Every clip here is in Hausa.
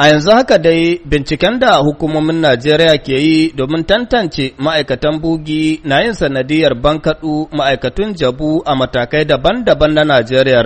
A yanzu haka dai binciken da hukumomin Najeriya ke yi domin tantance ma'aikatan bugi na yin sanadiyar bankaɗu ma'aikatun jabu a matakai daban-daban na Najeriya.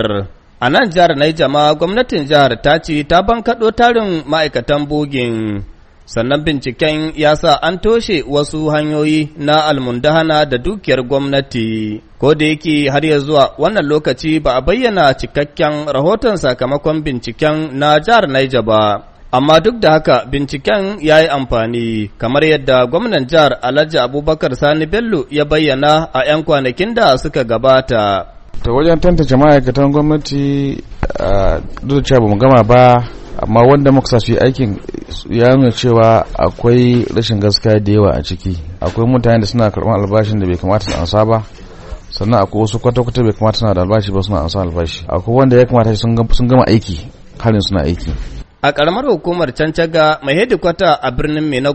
A nan jihar Naijama gwamnatin jihar ta ce ta bankaɗo tarin ma'aikatan bugin. Sannan binciken ya sa an toshe wasu hanyoyi na almundahana da dukiyar gwamnati. Ko da yake har ya zuwa wannan lokaci ba a bayyana cikakken rahoton sakamakon binciken na jihar Naija ba. Amma duk da haka binciken ya yi amfani kamar yadda gwamnan jihar Alhaji Abubakar Sani Bello ya bayyana a 'yan kwanakin da suka gabata. Ta wajen tantance ma'aikatan gwamnati duk da cewa ba mu gama ba amma wanda muka sa su yi aikin ya nuna cewa akwai rashin gaskiya da yawa a ciki akwai mutane da suna karɓar albashin da bai kamata su ansa ba sannan akwai wasu kwata-kwata bai kamata suna da albashi ba suna ansa albashi akwai wanda ya kamata sun gama aiki harin suna aiki A ƙaramar hukumar Cancaga mai hedikwata a birnin Mina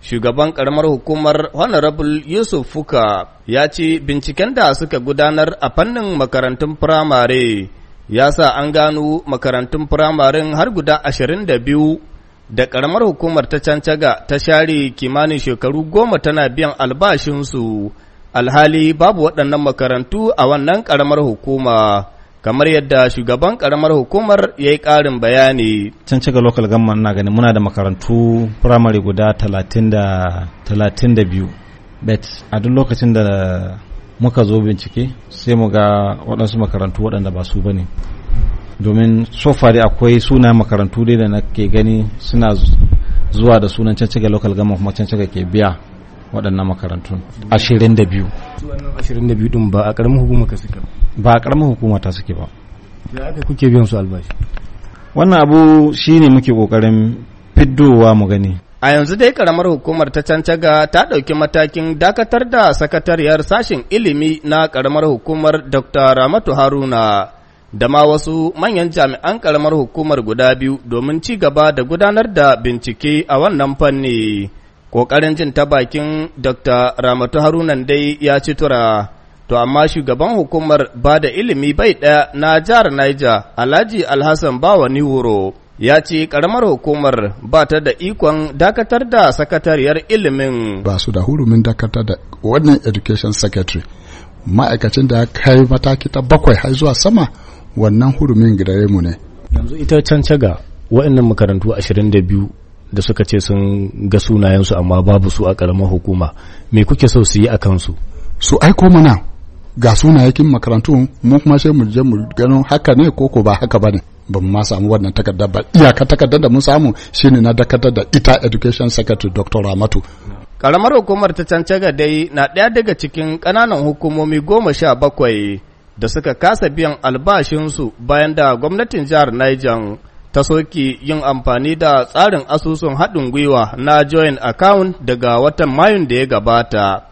shugaban ƙaramar hukumar Honorable Yusuf Fuka ya ce binciken da suka gudanar a fannin makarantun firamare ya sa an gano makarantun firamaren har guda ashirin da biyu da karamar hukumar ta Cancaga ta share kimanin shekaru goma tana biyan albashinsu alhali babu waɗannan makarantu a wannan karamar hukuma. kamar yadda shugaban karamar hukumar ya yi ƙarin bayani can cika local government na gani muna da makarantu firamare guda 32 bet a duk lokacin da muka zo bincike sai mu ga waɗansu makarantu waɗanda ba su bane domin so fari akwai suna makarantu dai da nake gani suna zuwa da sunan can cika local government kuma can cika ke biya waɗannan makarantun 22 biyu din ba a ƙaramin hukumar ka suka ba karamar hukuma ta suke ba ya aka kuke biyan su albashi wannan abu shine muke kokarin fiddowa mu gani a yanzu dai karamar hukumar ta cancaga ta ɗauki matakin dakatar da sakatariyar sashen ilimi na karamar hukumar dr ramatu haruna da ma wasu manyan jami'an karamar hukumar guda biyu domin ci gaba da gudanar da bincike a wannan fanni ƙoƙarin jin ta bakin dr ramatu harunan dai ya ci tura To amma shugaban hukumar ba da ilimi bai ɗaya na jihar Niger, Alhaji Alhassan ni Wuro, ya ce karamar hukumar ba ta da ikon dakatar da sakatariyar ilimin. Ba su da hurumin dakatar da wannan education secretary. Ma'aikacin da kai mataki ta bakwai har zuwa sama wannan hurumin gidare mu ne. Yanzu ita cancaga waɗannan makarantu ashirin da biyu da suka ce sun ga sunayensu amma babu su a karamar hukuma. Me kuke so su yi a kansu? Su aiko mana ga sunayakin makarantu mu kuma sai mu je mu gano haka ne ko ko ba haka bane ba mu ma samu wannan takardar ba iyaka takardar da mun samu shine na dakatar da ita education secretary dr ramatu karamar hukumar ta cancaga dai na ɗaya daga cikin ƙananan hukumomi goma sha bakwai da suka kasa biyan albashinsu bayan da gwamnatin jihar niger ta soki yin amfani da tsarin asusun haɗin gwiwa na joint account daga watan mayun da ya gabata